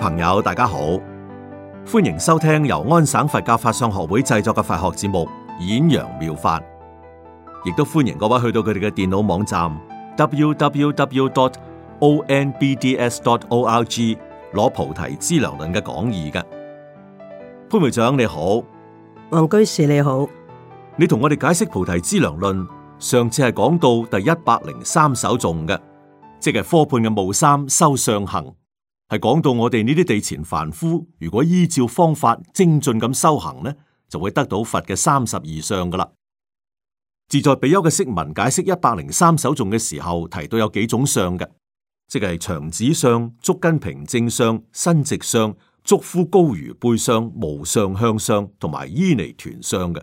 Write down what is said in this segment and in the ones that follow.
朋友，大家好，歡迎收聽由安省佛教法相學會製作嘅法學節目《演揚妙法》，亦都歡迎各位去到佢哋嘅電腦網站 www.dot.onbds.dot.org 攞《菩提資糧糧論》嘅講義嘅。潘秘書長你好，王居士你好，你同我哋解釋《菩提資糧論》，上次係講到第一百零三首頌嘅，即係科判嘅無三修上行。係講到我哋呢啲地前凡夫，如果依照方法精進咁修行呢，就會得到佛嘅三十二相噶啦。自在比丘嘅釋文解釋一百零三首頌嘅時候，提到有幾種相嘅，即係長子相、足根平正相、身直相、足夫高如背相、無相向相，同埋伊尼團相嘅。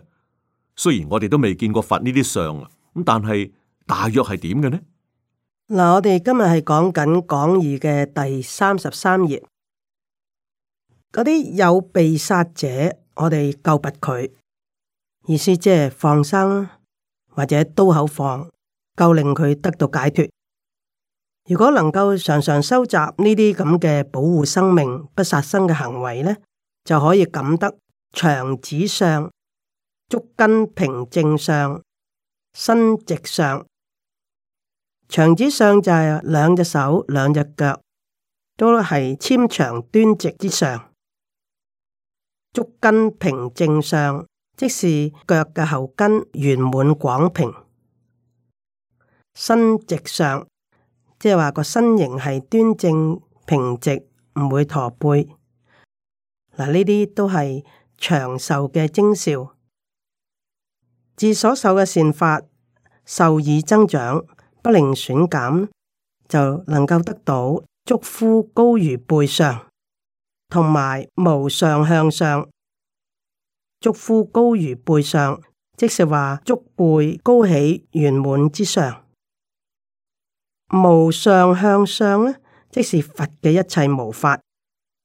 雖然我哋都未見過佛呢啲相啊，咁但係大約係點嘅呢？嗱，我哋今日係講緊《講義》嘅第三十三頁，嗰啲有被殺者，我哋救拔佢，意思即係放生或者刀口放，夠令佢得到解脱。如果能夠常常收集呢啲咁嘅保護生命、不殺生嘅行為呢，就可以感得長指上、足跟平正相、身直上。長指上就係兩隻手、兩隻腳都係纖長端直之上，足跟平正上，即是腳嘅後跟圓滿廣平，身直上，即係話個身形係端正平直，唔會駝背。嗱，呢啲都係長壽嘅徵兆。自所受嘅善法，受以增長。不靈損感就能夠得到足趺高如背相，同埋毛上向上。足趺高如背相，即是話足背高起圓滿之上，毛上向上，呢即是佛嘅一切毛髮，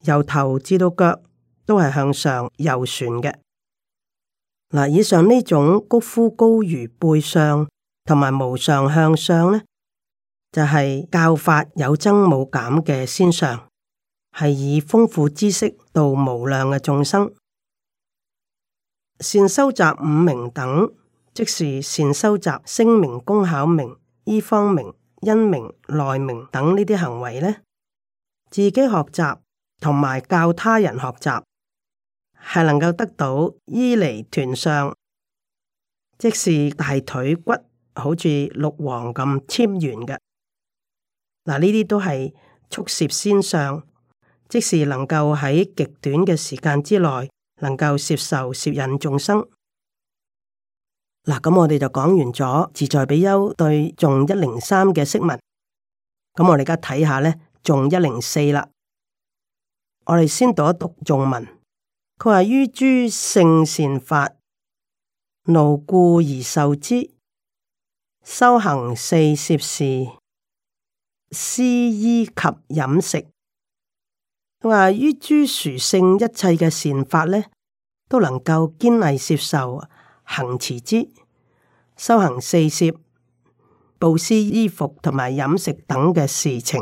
由頭至到腳都係向上右旋嘅。嗱，以上呢種足趺高如背相。同埋無上向上呢，就係教法有增冇減嘅先上，係以豐富知識度無量嘅眾生。善修習五明等，即是善修習聲明、工巧明、醫方明、因明、內明等呢啲行為呢，自己學習同埋教他人學習，係能夠得到依離斷上，即是大腿骨。好似六王咁謙完嘅，嗱呢啲都係觸攝先上，即是能夠喺極短嘅時間之內，能夠攝受攝引眾生。嗱、啊，咁我哋就講完咗自在比丘對誦一零三嘅釋文，咁我哋而家睇下咧，誦一零四啦。我哋先讀一讀誦文，佢話於諸聖善法，怒故而受之。修行四攝事，施衣及飲食。佢話於諸殊勝一切嘅善法呢，都能夠堅毅攝受行持之。修行四攝，布施衣服同埋飲食等嘅事情。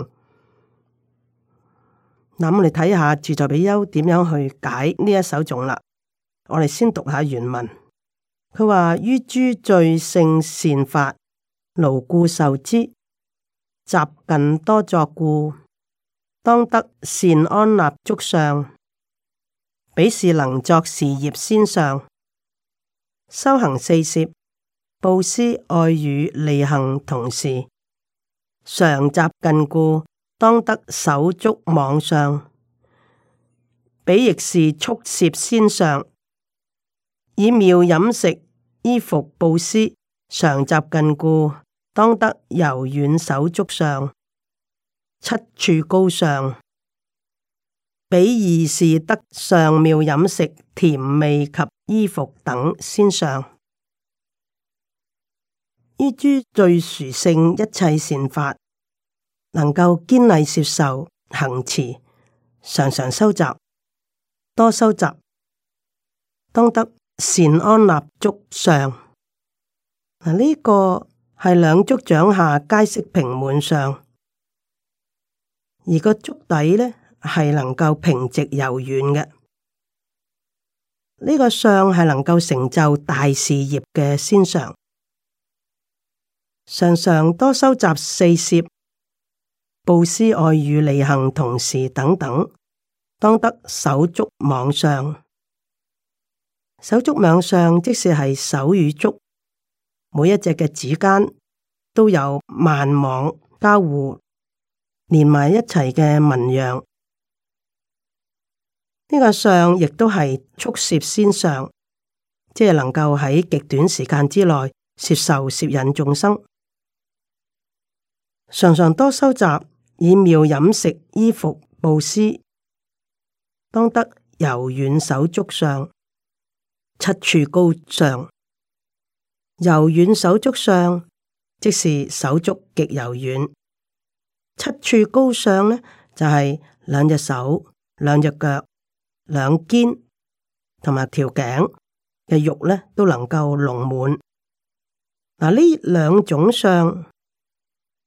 嗱，我哋睇下自在比丘點樣去解呢一首頌啦。我哋先讀下原文。佢話於諸最勝善法。牢固受之，習近多作故，當得善安立足相。彼是能作事業先相，修行四攝，布施愛語利行，同事，常習近故，當得手足網相。彼亦是速攝先相，以妙飲食衣服布施。常習近故，當得柔軟手足相、七處高相，比二是得上妙飲食、甜味及衣服等先上。於諸最殊勝一切善法，能夠堅毅攝受行持，常常收集多收集，當得善安立足相。呢個係兩足掌下皆識平滿相，而個足底呢，係能夠平直柔軟嘅。呢、這個相係能夠成就大事業嘅先相，常常多收集四攝、布施、愛語利行、同事等等，當得手足網相。手足網相，即是係手與足。每一隻嘅指間都有萬網交互連埋一齊嘅紋樣，呢、這個相亦都係速攝先相，即係能夠喺極短時間之內攝受攝引眾生。常常多收集以妙飲食、衣服、布施，當得柔軟手足相，七處高上。柔軟手足相，即是手足極柔軟；七處高相呢，就係、是、兩隻手、兩隻腳、兩肩同埋條頸嘅肉呢，都能夠隆滿。嗱，呢兩種相，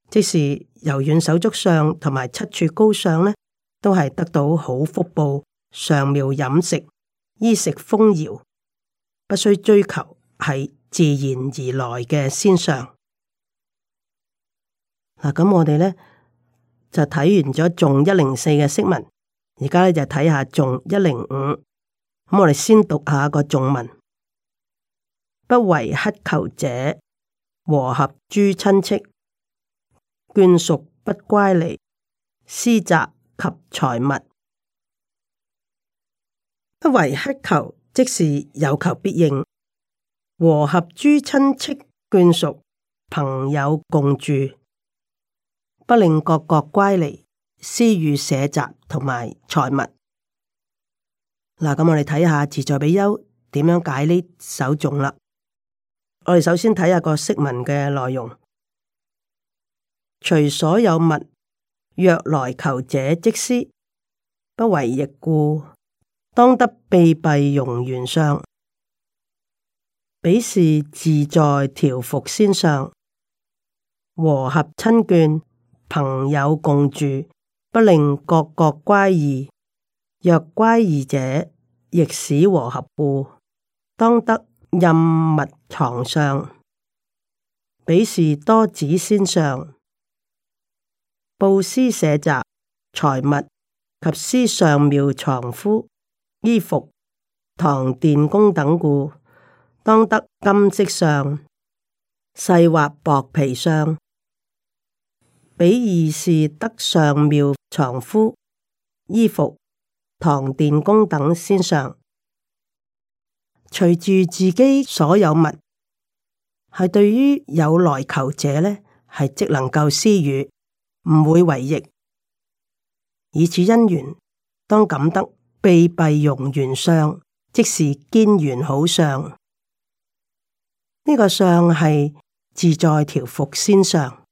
即是柔軟手足相同埋七處高相呢，都係得到好福報，上妙飲食，衣食豐饒，不需追求係。自然而然嘅先上嗱，咁、啊、我哋咧就睇完咗仲一零四嘅釋文，而家咧就睇下仲一零五。咁我哋先讀下個仲文，不為乞求者，和合諸親戚，眷屬不乖離，私宅及財物。不為乞求，即是有求必應。和合諸親戚眷屬朋友共住，不令各國乖離，施與舍宅同埋財物。嗱，咁我哋睇下自在比丘點樣解呢首頌啦。我哋首先睇下個釋文嘅內容。除所有物，若來求者即施，不為逆故，當得必弊容原相。.彼是自在調伏先上，和合親眷朋友共住，不令各各乖異。若乖異者，亦使和合故，當得任物床上。彼是多子先上，布施舍宅財物及施上妙床夫衣服堂殿工等故。當得金色相、細滑薄皮相，比義是得上妙床敷衣服堂殿工等先相，隨住自己所有物，係對於有來求者呢，係即能夠施予，唔會為逆。以此因緣，當感得被閉容圓相，即是堅圓好相。呢個相係自在條伏線上，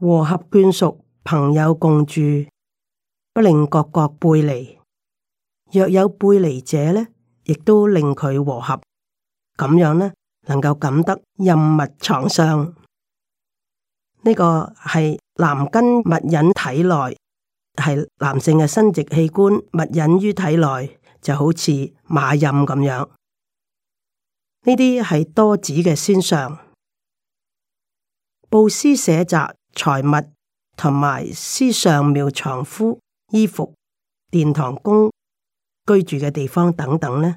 和合眷屬朋友共住，不令各各背離。若有背離者呢，亦都令佢和合，咁樣呢，能夠感得任物藏相。呢個係男根物隱體內，係男性嘅生殖器官物隱於體內，就好似馬任咁樣。呢啲係多指嘅先上，布施、捨宅、財物同埋施上妙床敷衣服、殿堂宮、宮居住嘅地方等等呢，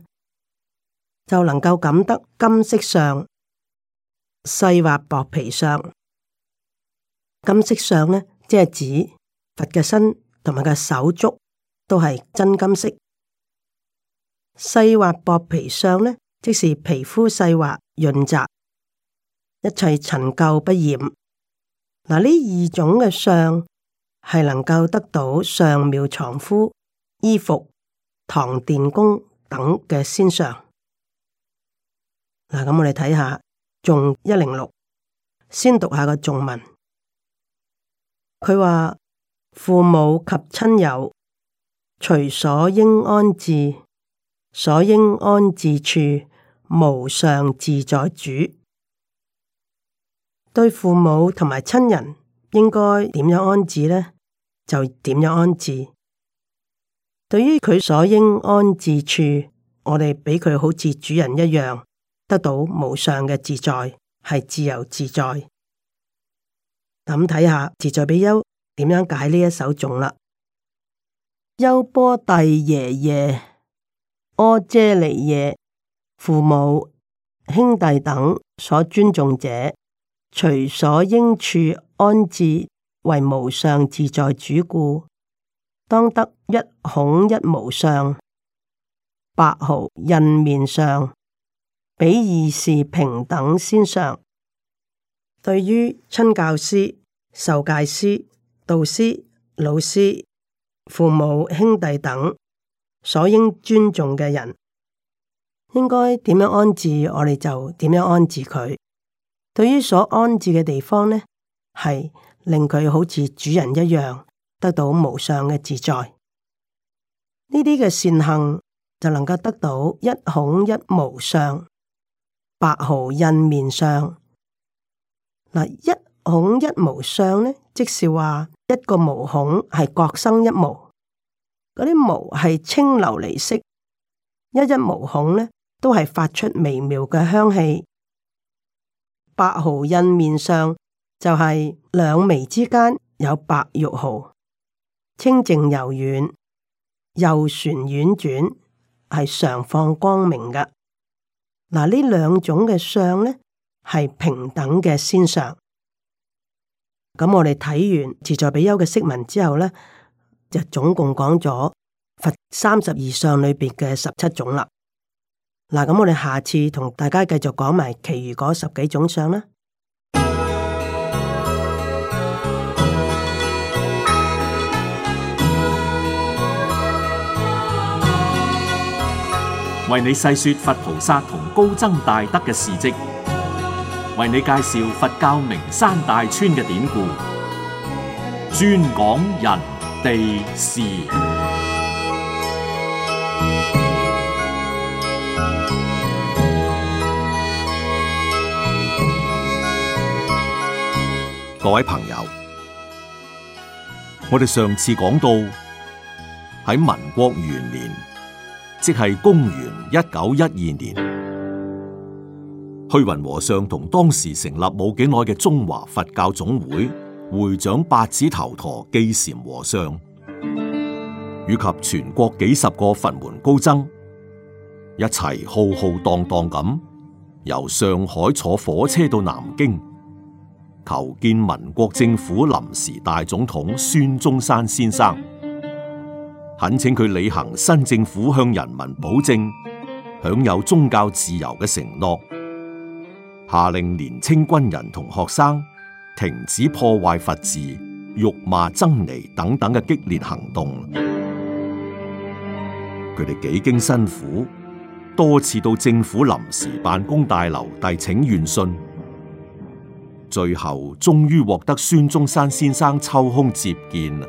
就能夠感得金色相、細滑薄皮相。金色相呢，即係指佛嘅身同埋佢手足都係真金色；細滑薄皮相呢。即是皮膚細滑潤澤，一切陳舊不染。嗱，呢二種嘅相係能夠得到上妙床敷、衣服、堂殿宮等嘅先相。嗱，咁我哋睇下仲一零六，先讀下個仲文。佢話父母及親友，隨所應安置，所應安置處。無上自在主，對父母同埋親人應該點樣安置呢？就點樣安置。對於佢所應安置處，我哋俾佢好似主人一樣，得到無上嘅自在，係自由自在。咁睇下自在比丘點樣解呢一首頌啦。優波帝耶耶，阿遮利耶。父母、兄弟等所尊重者，隨所應處安置，為無上自在主故。當得一孔一無上白毫印面上，比二是平等先上。對於親教師、受戒師、導師、老師、父母、兄弟等所應尊重嘅人。應該點樣安置我哋就點樣安置佢。對於所安置嘅地方呢，係令佢好似主人一樣，得到無上嘅自在。呢啲嘅善行就能夠得到一孔一毛相。白毫印面相嗱，一孔一毛相，咧，即是話一個毛孔係各生一毛，嗰啲毛係清流離色，一一毛孔呢。都係發出微妙嘅香氣。白毫印面相就係兩眉之間有白玉毫，清淨柔軟，右旋婉轉，係常放光明嘅。嗱，呢兩種嘅相呢，係平等嘅先相。咁我哋睇完自在比丘嘅釋文之後呢，就總共講咗佛三十二相裏邊嘅十七種啦。嗱，咁我哋下次同大家繼續講埋其餘嗰十幾種相啦。為你細說佛菩薩同高僧大德嘅事跡，為你介紹佛教名山大川嘅典故，專講人地事。各位朋友，我哋上次講到喺民國元年，即係公元一九一二年，虛雲和尚同當時成立冇幾耐嘅中華佛教總會會長八指頭陀基禪和尚，以及全國幾十個佛門高僧，一齊浩浩蕩蕩咁由上海坐火車到南京。求見民國政府臨時大總統孫中山先生，懇請佢履行新政府向人民保證享有宗教自由嘅承諾，下令年青軍人同學生停止破壞佛寺、辱罵僧尼等等嘅激烈行動。佢哋幾經辛苦，多次到政府臨時辦公大樓遞請願信。最後終於獲得孫中山先生抽空接見，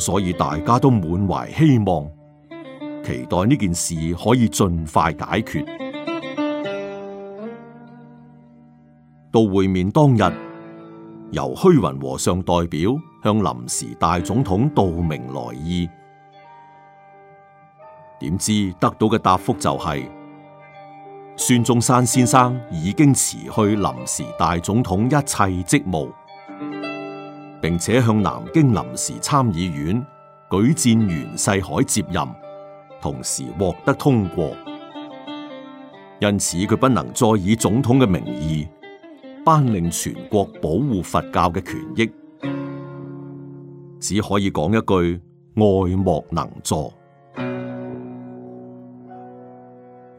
所以大家都滿懷希望，期待呢件事可以盡快解決。到會面當日，由虛雲和尚代表向臨時大總統道明來意，點知得到嘅答覆就係、是。孫中山先生已經辭去臨時大總統一切職務，並且向南京臨時參議院舉薦袁世凱接任，同時獲得通過。因此，佢不能再以總統嘅名義，頒令全國保護佛教嘅權益，只可以講一句愛莫能助。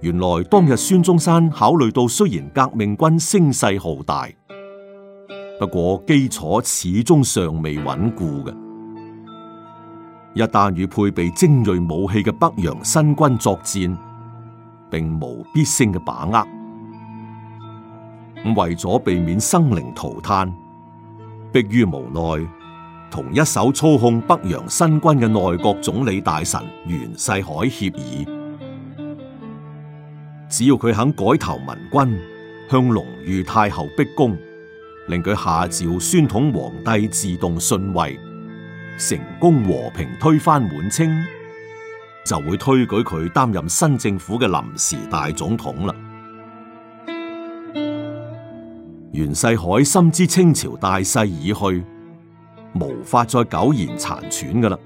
原來當日孫中山考慮到，雖然革命軍聲勢浩大，不過基礎始終尚未穩固嘅，一旦與配備精銳武器嘅北洋新軍作戰，並無必勝嘅把握。咁為咗避免生靈塗炭，迫於無奈，同一手操控北洋新軍嘅內閣總理大臣袁世凱協議。只要佢肯改投民軍，向隆裕太后逼宮，令佢下詔宣統皇帝自動遜位，成功和平推翻滿清，就會推舉佢擔任新政府嘅臨時大總統啦。袁世凱深知清朝大勢已去，無法再苟延殘喘噶啦，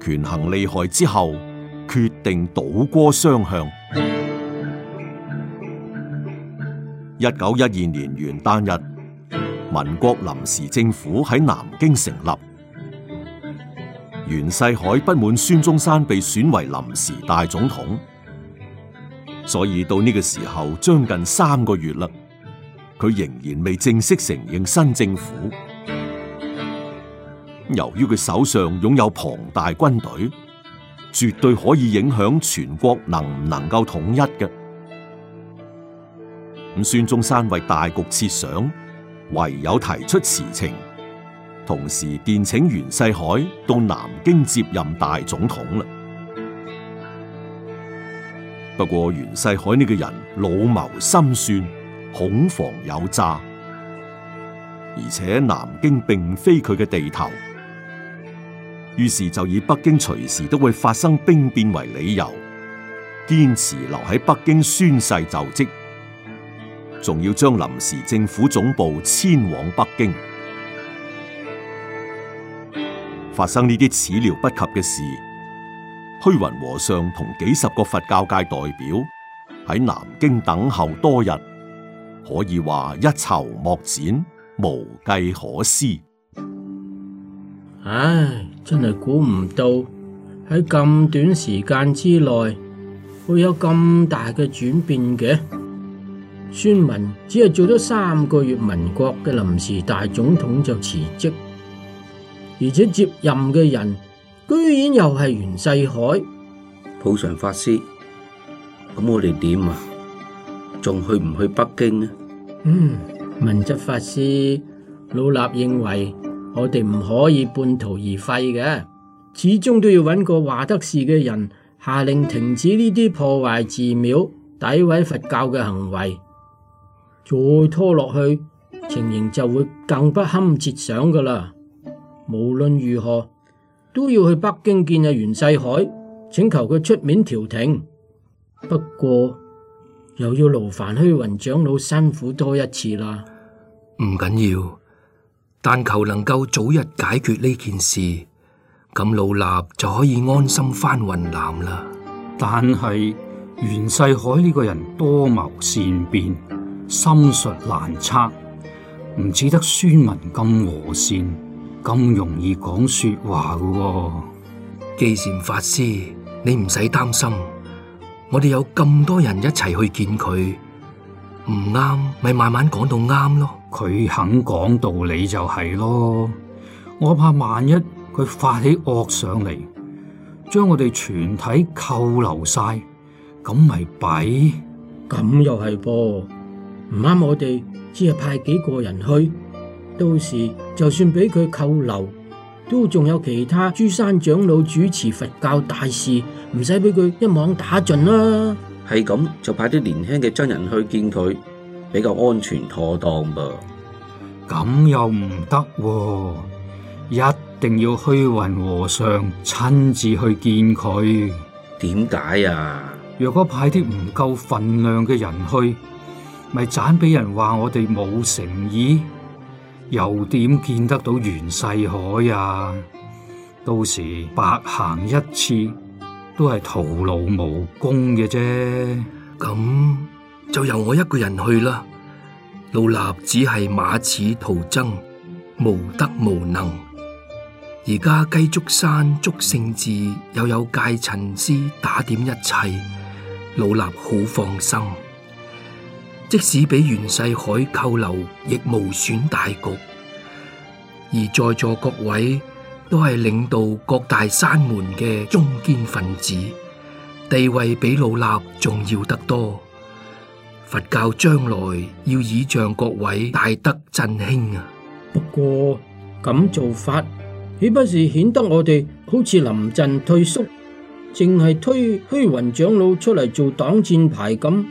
權衡利害之後。決定倒戈雙向。一九一二年元旦日，民國臨時政府喺南京成立。袁世凱不滿孫中山被選為臨時大總統，所以到呢個時候將近三個月啦，佢仍然未正式承認新政府。由於佢手上擁有龐大軍隊。絕對可以影響全國能唔能夠統一嘅。咁孫中山為大局設想，唯有提出辭呈，同時電請袁世凱到南京接任大總統啦。不過袁世凱呢個人老謀深算，恐防有詐，而且南京並非佢嘅地頭。於是就以北京隨時都會發生兵變為理由，堅持留喺北京宣誓就職，仲要將臨時政府總部遷往北京。發生呢啲始料不及嘅事，虛雲和尚同幾十個佛教界代表喺南京等候多日，可以話一籌莫展，無計可施。唉、啊。真係估唔到喺咁短時間之內會有咁大嘅轉變嘅，孫文只係做咗三個月民國嘅臨時大總統就辭職，而且接任嘅人居然又係袁世凱。普常法師，咁我哋點啊？仲去唔去北京啊？嗯，文質法師，老衲認為。我哋唔可以半途而廢嘅，始終都要揾個話得事嘅人下令停止呢啲破壞寺廟、詆毀佛教嘅行為。再拖落去，情形就會更不堪設想㗎喇。無論如何，都要去北京見阿袁世凱，請求佢出面調停。不過，又要勞煩虛雲長老辛苦多一次啦。唔緊要。但求能夠早日解決呢件事，咁老衲就可以安心返雲南啦。但係袁世凱呢個人多謀善變，心術難測，唔似得孫文咁和善，咁容易講說話噶。寄禪法師，你唔使擔心，我哋有咁多人一齊去見佢，唔啱咪慢慢講到啱咯。佢肯講道理就係咯，我怕萬一佢發起惡上嚟，將我哋全體扣留晒，咁咪弊？咁又係噃，唔啱我哋，只係派幾個人去，到時就算俾佢扣留，都仲有其他諸山長老主持佛教大事，唔使俾佢一網打盡啦。係咁，就派啲年輕嘅僧人去見佢。比較安全妥當噃，咁又唔得喎，一定要虛雲和尚親自去見佢。點解啊？若果派啲唔夠份量嘅人去，咪盞俾人話我哋冇誠意，又點見得到袁世凱啊？到時白行一次，都係徒勞無功嘅啫。咁。就由我一個人去啦。老衲只係馬齒徒增，無德無能。而家雞足山祝聖寺又有戒塵師打點一切，老衲好放心。即使俾袁世凱扣留，亦無損大局。而在座各位都係領導各大山門嘅中堅分子，地位比老衲重要得多。佛教將來要倚仗各位大德振興啊！不過咁做法，豈不是顯得我哋好似臨陣退縮，淨係推虛雲長老出嚟做擋箭牌咁？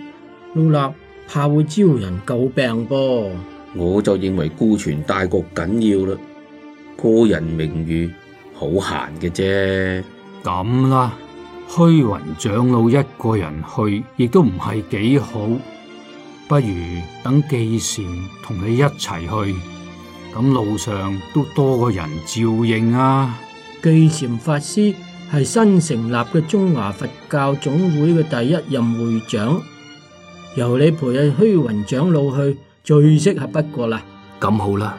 老衲怕會招人詬病噃。我就認為顧全大局緊要啦，個人名譽好閒嘅啫。咁啦，虛雲長老一個人去，亦都唔係幾好。不如等寄禪同你一齊去，咁路上都多個人照應啊！寄禪法師係新成立嘅中華佛教總會嘅第一任會長，由你陪阿虛雲長老去，最適合不過啦。咁好啦，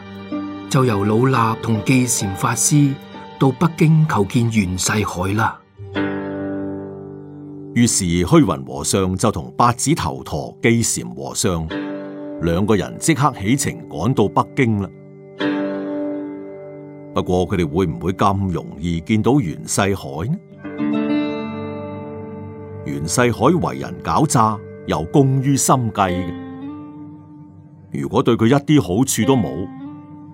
就由老衲同寄禪法師到北京求見袁世凱啦。於是虛雲和尚就同八指頭陀、基禪和尚兩個人即刻起程，趕到北京啦。不過佢哋會唔會咁容易見到袁世凱呢？袁世凱為人狡詐，又功於心計。如果對佢一啲好處都冇，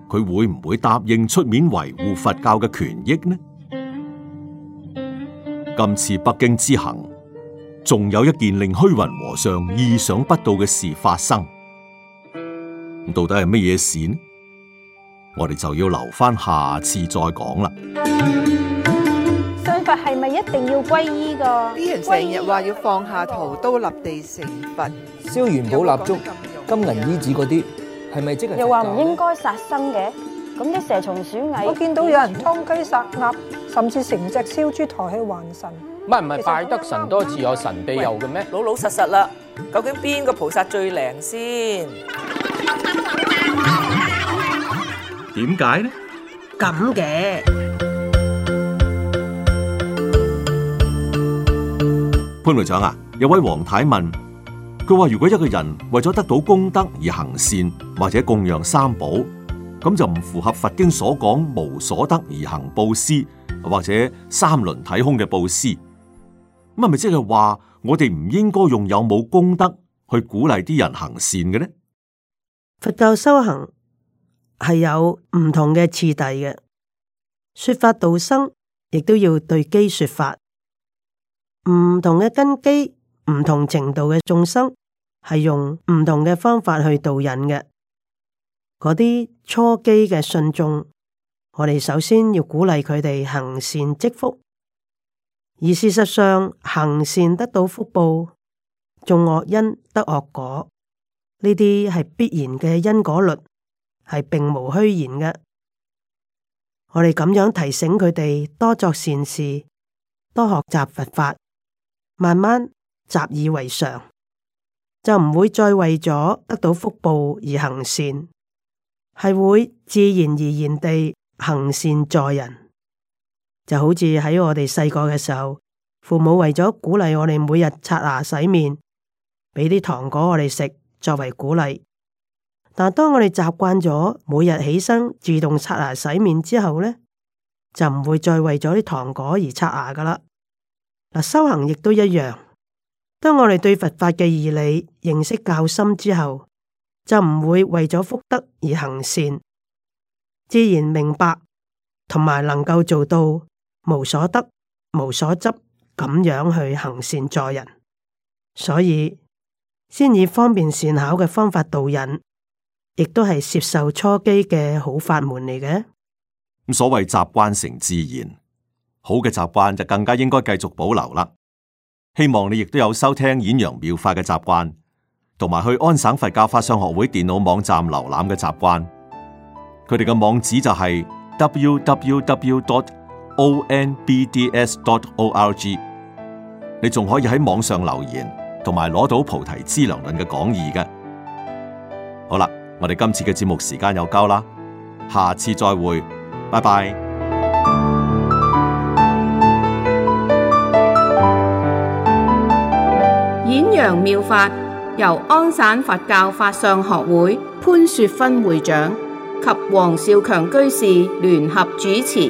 佢會唔會答應出面維護佛教嘅權益呢？今次北京之行，仲有一件令虛雲和尚意想不到嘅事發生，咁到底係乜嘢事呢？我哋就要留翻下，下次再講啦。信佛係咪一定要皈依噶？啲人成日話要放下屠刀立地成佛，燒元寶蠟燭、金銀衣紙嗰啲，係咪、嗯、即係？又話唔應該殺生嘅，咁啲蛇蟲鼠蟻，我見到有人殺雞殺鴨，甚至成隻燒豬抬去還神。唔係唔係拜得神多自有神庇佑嘅咩？老老實實啦，究竟邊個菩薩最靈先？點解呢？咁嘅潘隊長啊，有位黃太問，佢話如果一個人為咗得到功德而行善或者供養三寶，咁就唔符合佛經所講無所得而行布施或者三輪體空嘅布施。咁咪即係話我哋唔應該用有冇功德去鼓勵啲人行善嘅呢？佛教修行係有唔同嘅次第嘅，說法度生亦都要對機說法，唔同嘅根基、唔同程度嘅眾生，係用唔同嘅方法去導引嘅。嗰啲初機嘅信眾，我哋首先要鼓勵佢哋行善積福。而事實上，行善得到福報，仲惡因得惡果，呢啲係必然嘅因果律，係並無虛言嘅。我哋咁樣提醒佢哋，多作善事，多學習佛法，慢慢習以為常，就唔會再為咗得到福報而行善，係會自然而然地行善助人。就好似喺我哋細個嘅時候，父母為咗鼓勵我哋每日刷牙洗面，俾啲糖果我哋食作為鼓勵。但係當我哋習慣咗每日起身自動刷牙洗面之後呢，就唔會再為咗啲糖果而刷牙噶啦。修行亦都一樣，當我哋對佛法嘅義理認識較深之後，就唔會為咗福德而行善，自然明白，同埋能夠做到。無所得、無所執，咁樣去行善助人，所以先以方便善巧嘅方法導引，亦都係攝受初機嘅好法門嚟嘅。咁所謂習慣成自然，好嘅習慣就更加應該繼續保留啦。希望你亦都有收聽演揚妙法嘅習慣，同埋去安省佛教法相學會電腦網站瀏覽嘅習慣。佢哋嘅網址就係 www dot onbds.dot.org，你仲可以喺網上留言，同埋攞到《菩提資糧論》嘅講義嘅。好啦，我哋今次嘅節目時間又夠啦，下次再會，拜拜。演揚妙法由安省佛教法相學會潘雪芬會長及黃少強居士聯合主持。